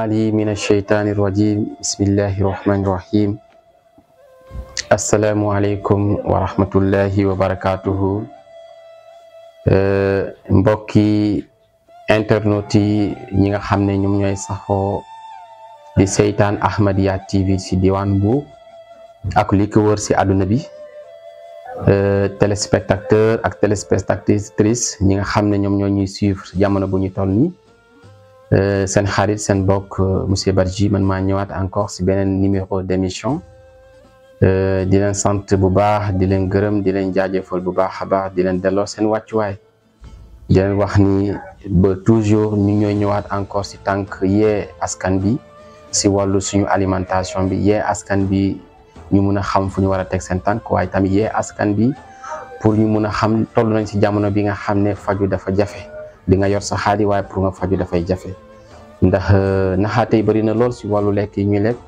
علي من الشيطان الرجيم بسم الله الرحمن الرحيم السلام عليكم ورحمة الله وبركاته mbokki internet yi ñi nga di seytaan Ahmadiyya TV ci diwan bu ak li ko wër ci àdduna bi eh, téléspectateur ak téléspectatrice ñi nga xam ne ñoom ñuy suivre jamono seen xarit seen bokk euh, monsieur Badji man maa ñëwaat encore si beneen numéro d' émission euh, di leen sant bu baax di leen gërëm di leen jaajëfal bu baax a baax di leen delloo seen wàccuwaay di leen wax ni ba toujours ñu ñooy ñëwaat encore si tànk yee askan bi si wàllu suñu alimentation bi yee askan bi ñu mun a xam fu ñu war a teg seen tànk waaye tamit yee askan bi pour ñu mun a xam toll nañ si jamono bi nga xam ne faju dafa jafe. di nga yor sa xaalis waaye pour faju dafay jafe ndax euh, naxaatey bëri na lool si wàllu lekk yi ñuy lekk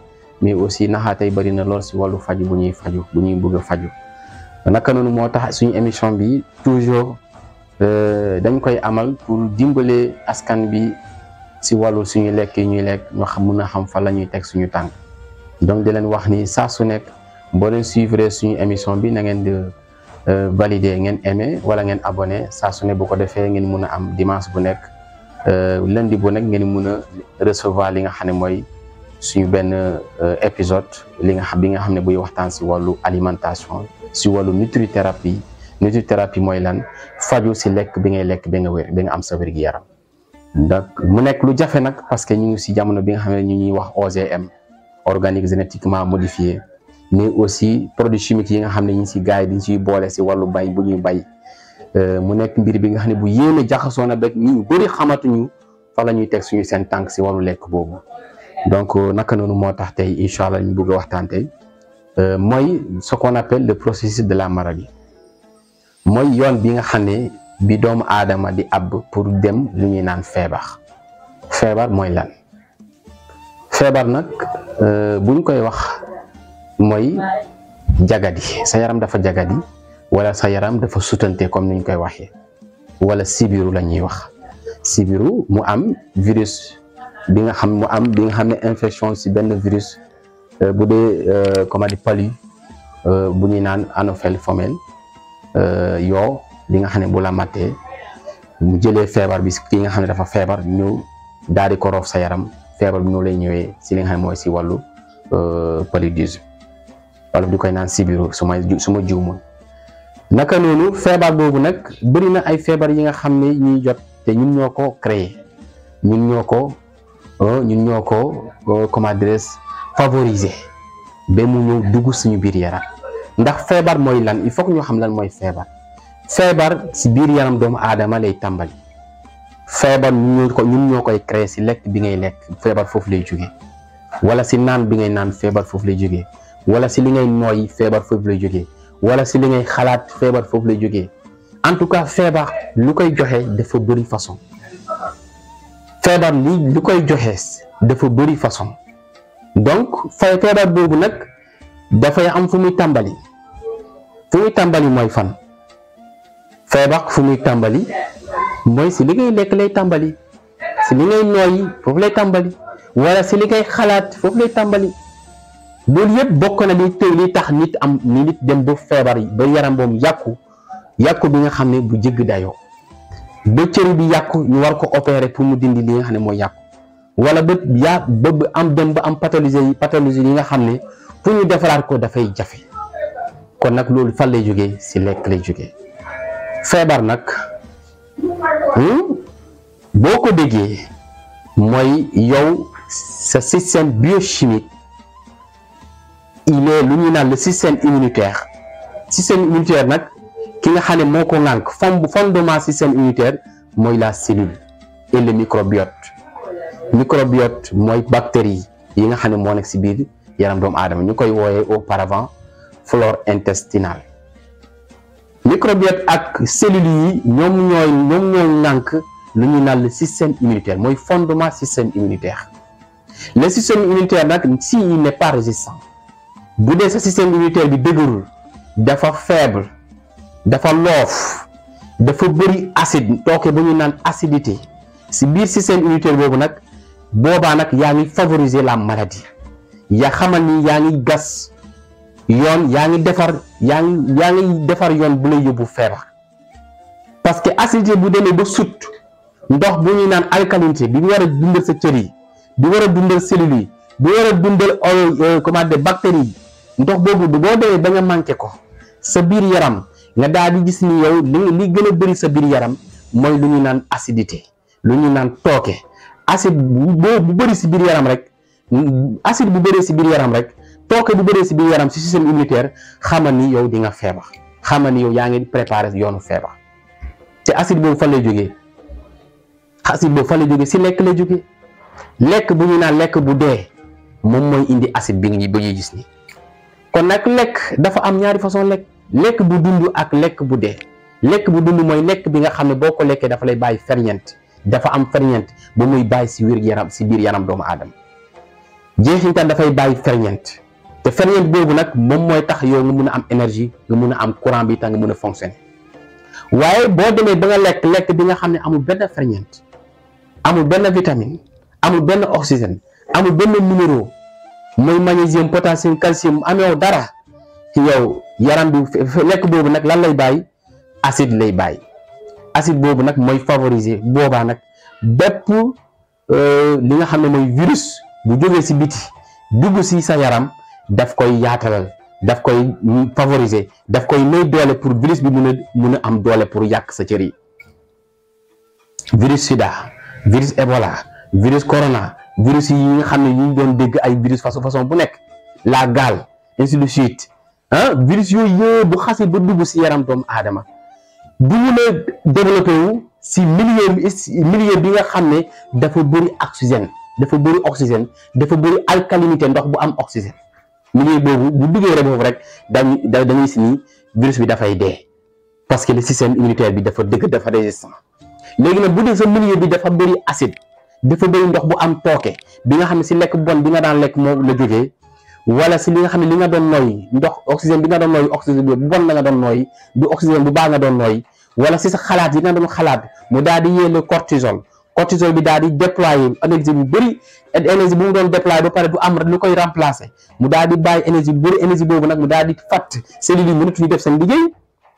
mais aussi naxaatey bëri na lool si wàllu faju bu ñuy faju bu bëgg faju naka noonu moo tax suñu émission bi toujours euh, dañ koy amal pour dimbale askan bi si wàllu suñu lekk yi ñuy lekk ñu xam mun a xam fa la ñuy teg suñu tànk donc daleen wax ni saa su nekk boo leen suivre suñu émission bi na ngeen di euh, valider ngeen aimé wala ngeen abone saa su ne bu ko defee ngeen mun a am dimanche bu nekk Euh, lundi bu nag ngeen mun a recevoir li nga xam ne mooy suñu benn euh, épisode li nga xam bi nga xam ne buy waxtaan si wàllu alimentation si wàllu nutrithérapie nutrithérapie mooy lan faju si lekk bi ngay lekk bi nga wér nga am sa wér gi yaram donc mu nekk lu jafe nag parce que ñu ngi si jamono bi nga xam ne ñu ñuy wax OGM organique génétiquement modifié mais aussi produits chimiques yi nga xam ne ñu si gars bi ñu si boole si wàllu bay bu ñu bay Euh, mu nekk mbir bi nga xam ne bu yéeme jaxasoo na ba nit ñu bëri xamatuñu fa la ñuy teg suñu seen tànk si wàllu lekk boobu donc euh, naka noonu moo tax tey incha allah ñu bëgg a waxtaan tey euh, mooy ce qu'on appelle processus de la maladie mooy yoon bi nga xam ne bi doomu aadama di àbb pour dem lu ñuy naan feebar feebar mooy lan feebar nag buñ koy wax mooy jagadi sa yaram dafa jagadi wala sa yaram dafa sutante comme ni ñu koy waxee wala sibiru la ñuy wax sibiru mu am virus bi nga xam mu am bi nga xam ne infection si benn virus euh, bu dee euh, comment di palu euh, bu ñu naan anophèle femelle yoo bi nga xam ne bu la mattee mu jëlee feebar bi ki nga xam ne dafa feebar ñu daal di ko sa yaram feebar bi ñoo lay ñëwee si li nga xam mooy si wàllu paludisme wala di koy naan sibiru su ma su naka noonu feebar boobu nag bëri na ay feebar yi nga xam ne ñuy jot te ñun ñoo ko créer ñun ñoo ko euh, ñun ñoo ko euh, comment dirais favoriser ba mu ñëw dugg suñu biir yaram ndax feebar mooy lan il faut ñoo ñu xam lan mooy feebar feebar si biir yaram doomu aadama lay tàmbali feebar ñun ko ñoo koy créé si lekk bi ngay lekk feebar foofu lay jógee wala si naan bi ngay naan feebar foofu lay jógee wala si li ngay nooy feebar foofu lay jógee wala si li ngay xalaat feebar foofu lay jógee en tout cas feebar lu koy joxe dafa bëri façon feebar li lu koy joxe dafa bëri façon donc fay feebar boobu nag dafay am fu muy tàmbali fu muy tàmbali mooy fan feebar fu muy tàmbali mooy si li ngay lekk lay tàmbali si li ngay nooyi foofu lay tàmbali wala si li ngay xalaat foofu lay tàmbali loolu yëpp bokk na li tey li tax nit am ni nit dem ba feebar ba yaram boobu yàqu yàqu bi nga xam ne bu jégg dayoo ba cëri bi yàqu ñu war ko opérer pour mu dindi li nga xam ne mooy yàqu wala ba ya ba am dem ba am pathologie yi nga xam ne pour ñu defaraat ko dafay jafe kon nag loolu fan lay jógee si lekk lay jógee feebar nag hmm, boo ko déggee mooy yow sa système biochimique il est lu le système immunitaire système immunitaire nak, ki nga le ne moo fondement ŋànk système immunitaire c'est la cellule et le microbiote microbiote c'est bactéries yi nga y a des nekk qui biir yaram doomu Nous ñu koy auparavant flore intestinale microbiote ak cellule, yi ñoom ñooy ñoom le système immunitaire mooy fondement système immunitaire le système immunitaire si s'il n'est pas résistant bu sa système immunitaire bi dëgërul dafa faible dafa lof dafa bëri acide toké bu ñu naan acidité ci biir système immunitaire bobu nak boba nak yaa ngi favoriser la maladie ya xamal ni yaa ngi gas yoon yaa ngi defar yaa ngi yaa ngi defar yoon bu lay yóbbu feebar parce que acidité bu demee ba sout ndox bu ñuy naan alcalinité bi wara dundal sa cëri bi wara dundal cellule bi wara a dundal euh, euh, comment des bactéries ndox boobu du boo demee ba nga manqué ko sa biir yaram nga daal di gis ni yow li gën a bëri sa biir yaram mooy lu ñu naan acidité lu ñu naan tooke acide boo bu bëri si biir yaram rek acide bu bëree si biir yaram rek tooke bu bëree si biir yaram si système immunitaire xamal ni yow di nga feebar xamal ni yow yaa ngi préparé yoonu feebar te acide boobu fa lay jóge acide boobu fan lay jógee si lekk lay jógee lekk bu ñu naan lekk bu dee moom mooy indi acide bi nga ñuy ba ñuy gis ni kon nak lek, dafa am ñaari façon lek lek bu dundu ak lek bu lek lek bu lek moy lek bi nga xamné boko lekke dafa lay ferñent dafa am ferñent bu muy siwir yaram wir yaram ci bir yaram doomu aadama jeexintaan dafay bàyyi ferñent te ferñent bobu nak mom moy tax yow nga mëna am énergie nga mëna am courant bi tax nga mun fonctionner waye lek démé ba nga lek lek bi nga xamné amu benn ferñent amu benn vitamine amu benn oxygène amu benn numéro muy magnésium potassium mu ameew dara yow yaram bi lekk boobu nag lan lay bàyyi acide lay bàyyi acide boobu nag mooy favoriser boobaa nag bépp euh, li nga xam ne mooy virus bu jógee si biti dugg si sa yaram daf koy yaatalal daf koy favoriser daf koy may doole pour virus bi mun a mun a am doole pour yàq sa cër yi virus sida virus Ebola virus corona virus yi nga xam ne ñu ngi doon dégg ay virus façon façon bu nekk la gale ainsi ah virus yooyu yëpp bu xasee ba dugg si yaram doomu aadama bu ñu nee développé si milieu milieu bi nga xam ne dafa bëri oxygène dafa bëri oxygène dafa bëri alcalinité ndox bu am oxygène milieu boobu bu duggee rek rek dañuy da dañuy si ni virus bi dafay dee parce que le système immunitaire bi dafa dëgg dafa résistant léegi nag bu dee sa milieu bi dafa bëri acide. dafa bëri ndox bu am tooke bi nga xam ne si lekk bon bi nga daan lekk moom la jógee wala si li nga xam ne li nga doon nooy ndox oxygène bi nga doon nooy oxygène bu bon la nga doon nooy du bu baax nga doon nooy wala si sa xalaat yi nga doon xalaat mu daal di yéene cortisol cortisol bi daal di déployer énergie bu bëri énergie bu mu doon déployer ba pare du am lu koy remplacer mu daal di bàyyi énergie bu énergie boobu nag mu daal di fàtt cellules yi ñu def seen liggéey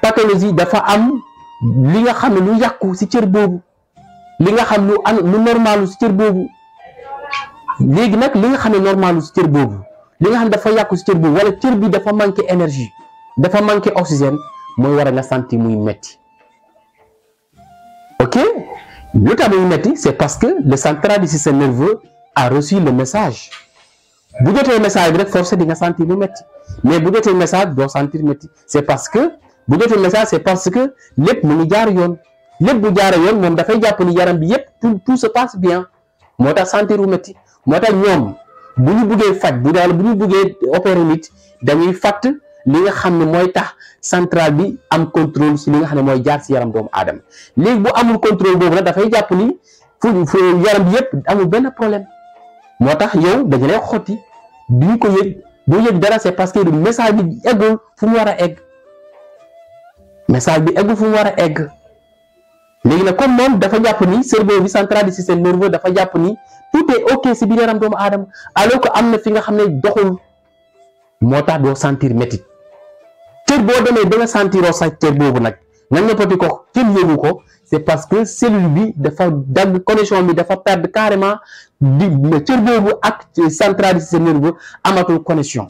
pathologie dafa am li nga xam lu yakku ci cër bobu li nga xam lu an lu normalu ci cër bobu légui nak li nga xam ne normalu ci cër bobu li nga xam dafa yakku ci cër bobu wala cër bi dafa manqué énergie dafa manqué oxygène moy war a nga santi muy metti ok lu tax muy metti c'est parce que le central du système nerveux a reçu le message bu jotee message bi rek forcé di nga sentir muy metti mais bu jotee message do sentir metti c'est parce que bu jotee message c'est parce que lepp mu ngi jaar yoon lepp bu jaara yoon da fay japp ni yaram bi yépp tout tout se passe bien moo tax sentir wu métti moo tax ñoom bu ñu buggee faj bu daal bu ñu buggee opérer nit dañuy fàtt li nga xam moy tax central bi am contrôle ci li nga xam moy jaar ci yaram doom adam léegi bu amul contrôle boobu da fay japp ni fu yaram bi yépp amul ben problème motax yow da nga lay xoti duñ ko yëg boo yëg dara c'est parce que le message bi egul fu mu war egg message bi eggu fu mu war a egg léegi nag comme moom dafa jàpp ni cerveau bi central du système nerveux dafa jàpp ni tout est ok si biir yaram doomu aadama alors que am na fi nga xam ne doxul moo tax doo sentir métit cër boo demee ba nga sentiroo sa cër boobu nag nga ñëppati ko kenn yëgu ko c'est parce que cellule bi dafa dagg connexion bi dafa perdre carrément di cër boobu ak central du système nerveux amatul connexion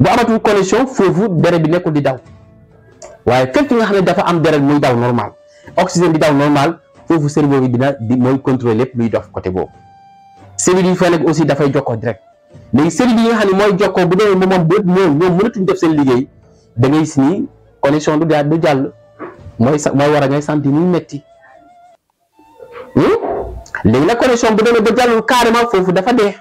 bu amatul connexion foofu deret bi nekkul di daw waaye fépp nga xam ne dafa am deret muy daw normal oxygène bi daw normal foofu cerveau bi dina di mooy contrôler lépp luy dox côté boobu bi yi fa nekk aussi dafay jokkoo direct léegi cellules yi nga xam ne mooy jokkoo bu moom moom ñoom ñoom mënatuñ def seen liggéey da ngay du daal du jàll mooy sax mooy war a ngay sentir muy metti hmm? léegi nag connexion bu demee ba jàllul carrément foofu dafa dee.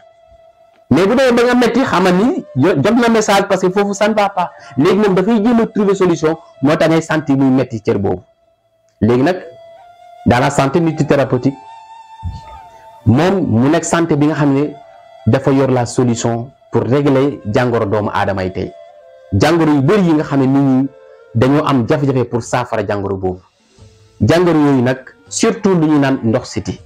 mais bu demee ba nga metti xamal ni jot na message parce que foofu ça ne va pas léegi moom dafay jéem a trouver solution moo tax ngay sentir muy metti cër boobu léegi nag dans la ci nutrithérapeutique moom mu nekk santé bi nga xam ne dafa yor la solution pour régler jàngoro doomu aadamay yi tey jàngoro yu bëri yi nga xam ne nit ñi dañoo am jafe-jafe pour saafara jàngoro boobu jàngoro yooyu nag surtout lu ñu naan ndox siti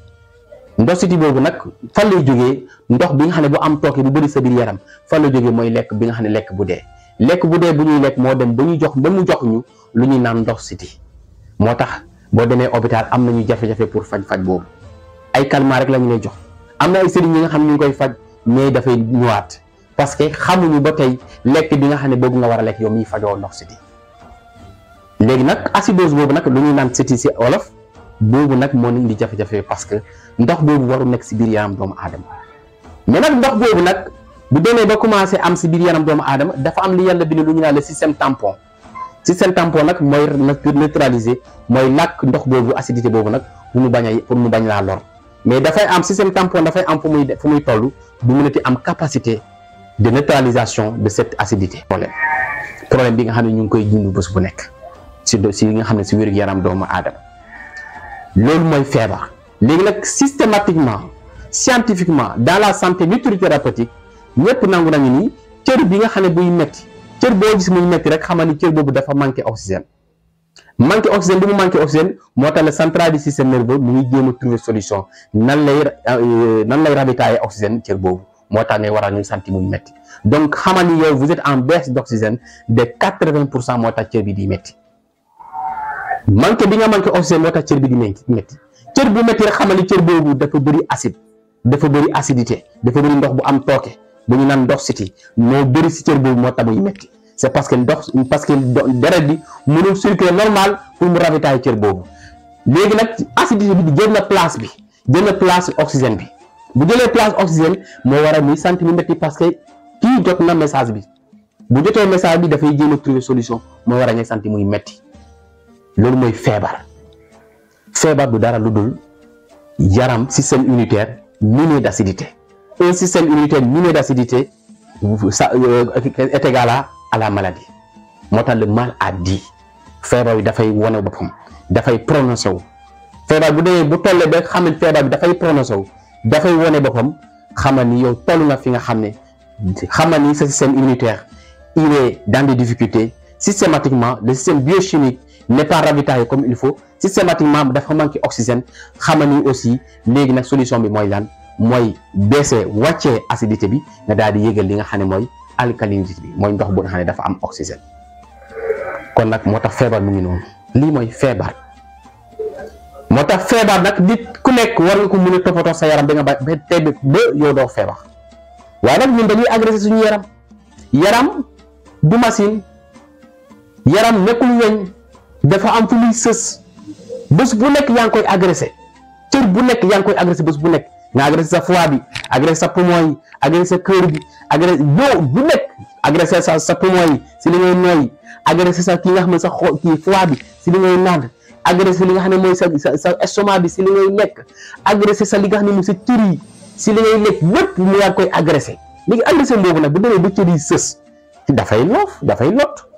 ndox ndoxiti boobu nag fan lay jógee ndox bi nga xam ne bu am tooke bu bari sa yaram fan lay jógee mooy lekk bi nga xam ne lekk bu dee lekk bu dee bu ñuy lekk moo dem ba ñu jox ba mu jox lu ñuy naan ndox siti moo tax boo demee hôpital am nañu jafe-jafe pour faj boobu ay calmants la ñu lay jox am na ay sëriñ nga xam ne ñu koy faj mais dafay ñëwaat parce que xamuñu ba tey lekk bi nga xam ne boobu nga war a lekk yow miy fajoo ndox siti léegi nag acidose boobu nag lu ñuy naan siti si wolof bobu nak mo indi jafé jafé parce que ndox bobu waru nek ci bir yaram doom adam mais nak ndox bobu nak bu démé ba commencé am ci bir yaram doom adam dafa am li yalla bindu lu ñu naan système tampon système tampon nak mooy neutraliser moy nak ndox bobu acidité bobu nak bu mu bañ pour mu bañ la lor mais da fay am système tampon da fay am fu muy fu muy toll bu mënati am capacité de neutralisation de cette acidité problème problème bi nga xamné ñu ngi koy jindu bëss bu nek ci ci nga xamné ci wër gu yaram doom adam loolu moy fièvre légui nak systématiquement scientifiquement dans la santé nutrithérapeutique ñep nangu nañu ni cër bi nga xam buy metti cër bo gis muy metti rek xamani ni cër boobu dafa manquer oxygène manqué oxygène li mu manqué oxygène moo tax la du système nerveux mu ngi jéem a trouver solution nan lay euh, euh, nan lay ravitailler oxygène cër bobu moo tax waral ñu santi muy metti donc xamal yow vous êtes en baisse d'oxygène oxygène de quatre vingt pour cër bi di metti manqué bi nga manqué oxygène moo tax cër bi di métti cër bu métti rek xamal ni cër boobu dafa bëri acide dafa bëri acidité dafa bëri ndox bu am tooke bu ñu naan ndox siti moo bëri si cër boobu moo tax muy métti c' parce que ndox parce que deret bi mënul circuler normal pour mu ravitailler cër boobu léegi nag acidité bi jël na place bi jël na place oxygène bi bu jëlee place oxygène moo waral muy sant mu métti parce que kii jot na message bi bu jotee message bi dafay jéem a trouver solution moo waral ngay sant muy métti. Le mooy est du dara lu dul yaram système immunitaire miné d'acidité un système immunitaire miné d'acidité euh, est égal à la maladie le mal a dit feebar bi dafay wane boppam dafay prononcé wu feebar bu demee bu tollee ba xamal feebar bi dafay prononcé wu dafay boppam xamal yow fi nga système immunitaire il est dans des difficultés systématiquement le système biochimique ne pas ravitailler comme il faut systématiquement dafa manqué oxygène xamal ni aussi légui nak solution bi moy lan moy baissé wacce acidité bi nga dal di yegal li nga xane moy alcalinité bi moy ndox bu nga xam dafa am oxygène kon nak motax tax feebar mu ngi non li moy feebar motax tax nak nit ku nek war nga ko mën a sa yaram nga ba tey ba yo do feebar waaye nak ñun dañuy agresser suñu yaram yaram du machine yaram nekul weñ dafa am fu muy sës bés bu nekk yaa ngi koy agressé cër bu nekk yaa ngi koy agressé bés bu nekk nga agressé sa foie bi agressé sa poumon yi bi agressé yow bu nekk agressé sa sa poumon yi si li ngay nooyi agressé sa ki nga xam ne sa xol bi si li ngay naan agressé li nga xam ne mooy sa sa estomac bi si li ngay lekk agressé sa li nga xam ne mooy sa cër si li ngay lekk lépp mu yaa ngi koy agressé léegi agressé boobu bu demee ba cër yi sës dafay loof dafay lot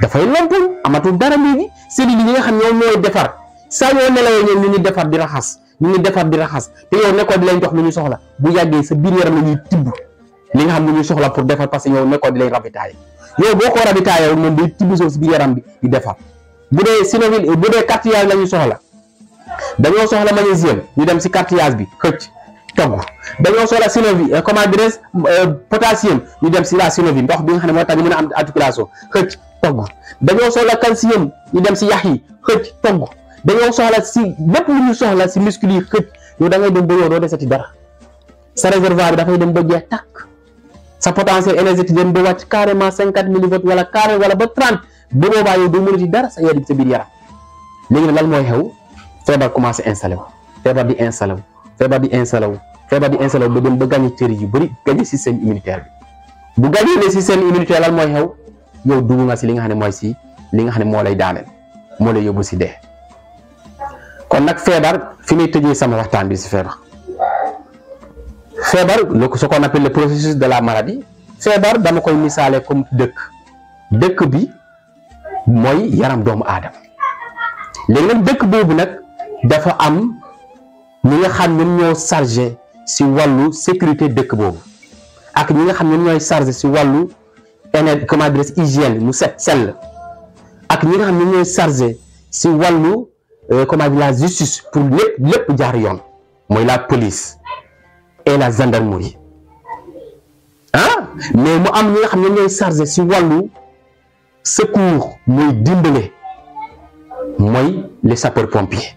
dafay lompoñ amatul dara léegi sëriñ yi nga xam ñoom ñooy defar saa yoo nelawee ñoom ñu ngi defar di raxas ñu ngi defar di raxas te yow nekkoo di leen lu ñu soxla bu yàggee sa biir yaram la ñuy tibb li nga xam lu ñu soxla pour defar parce que yow nekkoo di leen rabitaay yow boo ko rabitaayee moom day tibb soo si biir yaram bi di defar bu dee synovil bu dee cartilage la ñu soxla dañoo soxla magnésium ñu dem si cartilage bi xëcc togg dañoo soxla synovie euh, comment dirais-je euh, potassium ñu dem si la synovie ndox bi nga xam ne moo tax ñu mën a am articulation xëcc togg dañoo soxla calcium ñu dem si yax yi xëcc togg dañoo soxla si lépp soxla si muscle yi xëcc yow da dem ba yow doo desati dara sa réservoir dafay dem ba jeex tàkk sa potentiel énergétique dem ba wàcc carrément cinquante millivolts wala carré wala ba trente ba boobaa yow doo mënati dara sa yaram sa biir yaram léegi nag lan mooy xew commencé installé wu feebar di installé wu feebar wu feebar bi installé ba dem ba gagné cër yu bëri gagné système immunitaire bi bu gagné ne système immunitaire lan mooy xew yow dugg nga si li nga xam ne mooy si li nga xam ne moo lay daaneel moo lay yóbbu si dee kon nag feebar fi may sama waxtaan bi si feebar feebar loo ce qu'on processus de la maladie feebar dama koy misaale comme dëkk dëkk bi mooy yaram doomu aadama léegi nag dëkk boobu nag dafa am ñi nga xam ñoom ñoo chargé si walu sécurité de boobu ak ñi nga xam ne ñooy chargé si wàllu éner hygiène mu set sell ak ñi nga xam ne ñooy si euh, la justice pour lépp lépp jaar yoon la police et la gendarmerie ah mais mu am ñi nga xam ne si secours moi dimbale moi les sapeurs pompiers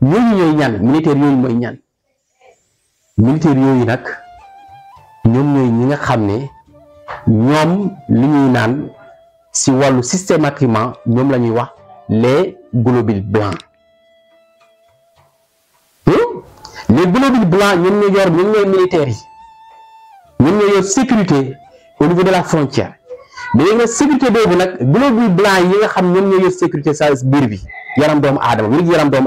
Militaires, ñooy militaire Nous nous ñaan militaire yooyu nous ñom ñoy ñi nga xamné ñom li systématiquement les globules blancs hmm? les globules blancs ñoy militaires yi sécurité au niveau de la frontière mais nga sécurité globules blancs yi nga xam sécurité les bi yaram yaram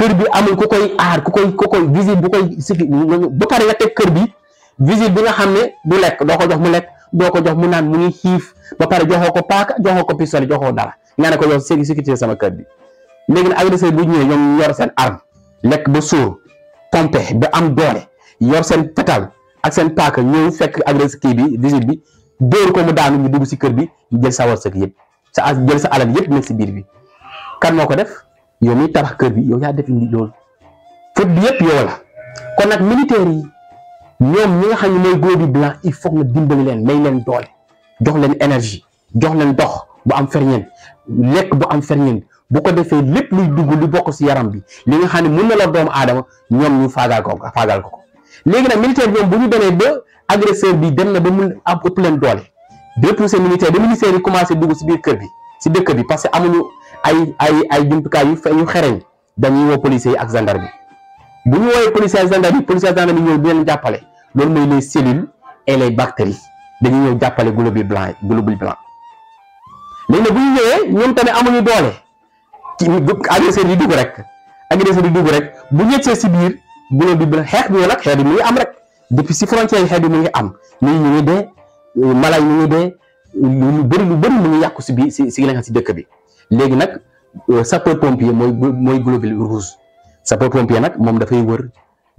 kër bi amul ku koy aar ku koy ku koy visite bu koy siki ba pare nga teg kër bi visite bi nga xam ne bu lekk doo ko jox mu lekk doo ko jox mu naan mu ngi xiif ba pare joxoo ko paaka joxoo ko pistolet joxoo dara nga ne ko yow sécurité sama kër bi léegi nag agresseur bu ñëwee ñoom yor seen arme lekk ba suur pompe ba am doole yor seen fetal ak seen paaka ñëw fekk agresseur kii bi visite bi dóor ko mu daanu ñu dugg si kër bi jël sa war sëk yëpp sa jël sa alal yëpp nekk si biir bi kan moo ko def yow mi tabax kër bi yow yaa def indi loolu faute bi yëpp yow la kon nag militaire yi ñoom ñi nga xam ne mooy góobi blanc il faut nga dimbali leen may leen doole jox leen énergie jox leen dox bu am ferñeent lekk bu am ferñeent bu ko defee lépp luy dugg lu bokk si yaram bi li nga xam ne mën na la doomu aadama ñoom ñu faagal ko faagal ko léegi nag militaire bi bu ñu demee ba agresseur bi dem na ba mun am ëpp leen doole repousser militaire ba militaire yi commencé dugg si biir kër bi si dëkk ay ay ay jumtukaay yu fe yu xereñ dañuy woo policiers yi ak gendarme bi bu ñu woowee policiers ak gendarme bi policiers ak bi ñëw dinañ jàppale loolu mooy les cellules et les bactéries dañuy ñëw jàppale globule blanc globule blanc léegi ne bu ñu ñëwee ñoom tamit amuñu doole ci agresseur yi dugg rek agresseur yi dugg rek bu ñettee si biir globule blanc xeex bi nag xeex bi mu ngi am rek depuis si frontière yi xeex bi mu ngi am nit ñu ngi dee mala yi ñu ngi dee lu bëri lu bëri mu ngi yàqu si biir si si si dëkk bi. léegi nag euh, sapeur pompier mooy mooy globule rouge sapeur pompier nag moom dafay wër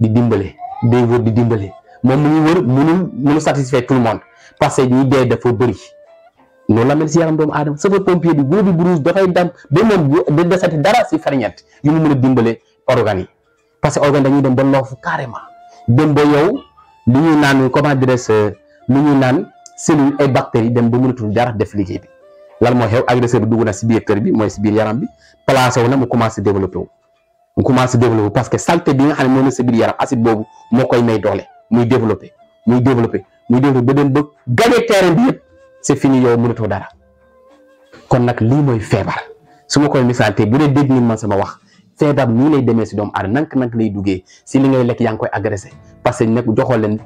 di dimbale day wër di dimbale moom mu ngi wër mënul mënul satisfaire tout le monde parce que ñi dee dafa bëri noonu la mel si yaram doomu aadama sapeur pompier di globule rouge dafay dem ba moom da desati dara si yu mu mën a dimbale organes yi parce que organes dem ba loofu carrément dem ba yow li ñuy naan comment dirais-je lu ñuy naan cellule ay bactéries dem ba mënatul dara def liggéey bi lan moo xew agresseur bi na si biir kër bi mooy si biir yaram bi placé wona mu commencé développer mu commencé développer parce que salté bi nga xam ne moom la biir yaram acide bobu mo koy may doole muy développer muy développer muy développer ba den ba gagné terrain bi c'est fini yow mënatoo dara kon nak li moy fièvre suma koy misaal tey bu dee dégg ngeen man sama wax fièvre ni lay démé ci dom aadama nank nank lay duggee si li ngay lek yang koy agressé parce que nak joxoo leen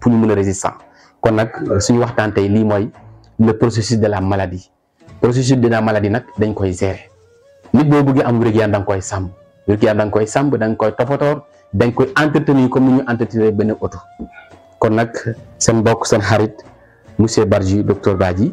pour ñu mën a résistant kon nak suñu waxtaan tey lii mooy le processus de la maladie processus dina la maladie nag dañ koy gérer nit bo bëgg am wér-gu-yaram koy sam wér-gu-yaram koy sam da koy toppatoor dañ koy entretenir comme ñu entretenir ben auto kon nak sen bok sen xarit monsieur Barji docteur Badji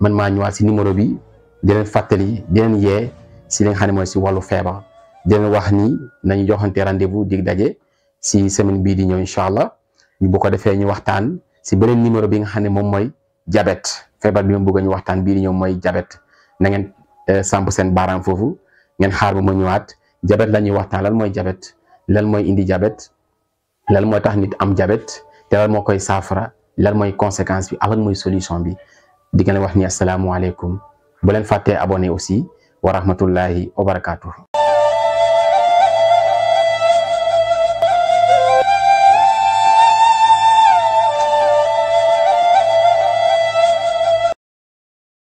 man maa ñëwaat ci numéro bi di len fatali di len yee ci li nga moy ci si fièvre di len wax ni nañ joxante rendez-vous dig dajé si semaine bi di ñëw inshallah ñu bu ko défé ñu waxtaan si benen numéro bi nga xam mom moy diabète feebar bi ma bëgg ñu waxtaan bi di ñëw mooy jabet nangeen ngeen eh, samp seen baaraam foofu ngeen xaar ba ma ñëwaat jabet la ñuy waxtaan lan mooy jabet lan mooy indi jabet lal mooy tax nit am jabet te lan moo koy saafara lan mooy conséquence bi ak lan mooy solution bi di ngeen wax ni asalaamualeykum bu leen fàttee abonné aussi wa rahmatullahi wa